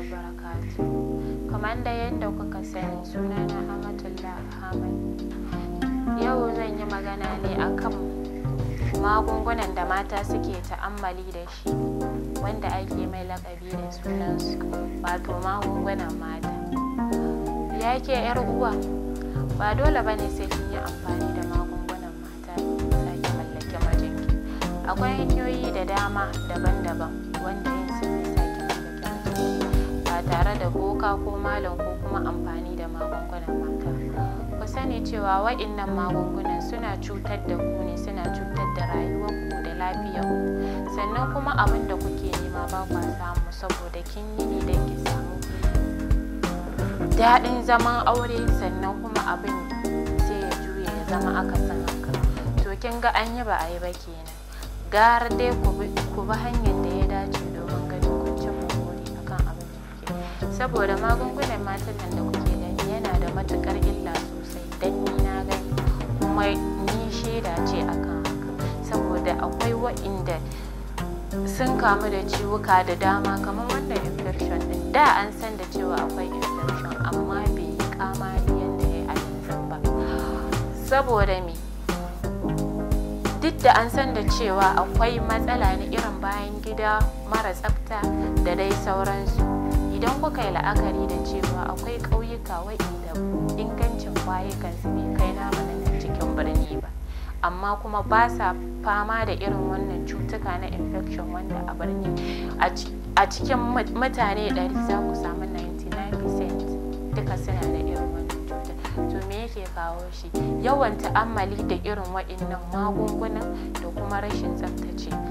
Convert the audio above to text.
wabarakatuh kamar da yadda kuka sani sunana amatullah ahmad yau zan yi magana ne akan magungunan da mata suke ta'ammali da shi wanda ake mai lakabi da sunansu wato magungunan mata ya ke yar uwa ba dole bane sai kin yi amfani da magungunan mata da mallake majinki akwai hanyoyi da dama daban-daban wanda boka ko malam ko kuma amfani da magungunan mata ku sani cewa waɗannan magungunan suna cutar da ku ne suna cutar da rayuwarku da lafiyarku sannan kuma abin da kuke nema ba kwa samu saboda kin yi ne don ki samu daɗin zaman aure sannan kuma abin sai ya juya ya zama akasin haka to kin ga an yi ba a yi ba kenan gara dai ku bi hanyar da saboda magungunan matan nan da kuke gani yana da matukar illa sosai dan ni na gani kuma ni shaida ce akan haka saboda akwai wa'inda sun kamu da ciwuka da dama kamar wannan infection din da an san da cewa akwai infection amma bai yi kamari yadda ya yi a yanzu ba saboda me duk da an san da cewa akwai matsala na irin bayan gida mara tsafta da dai sauransu kuka yi la'akari da cewa akwai ƙauyuka waɗanda ingancin bayukansu bai kai namu na cikin birni ba amma kuma ba sa fama da irin wannan cutuka na infection wanda a birni a cikin mutane 100 za ku samu 99% duka suna da irin wannan cuta to me yake kawo shi yawan ta'ammali da irin waɗannan magungunan da kuma rashin tsaftace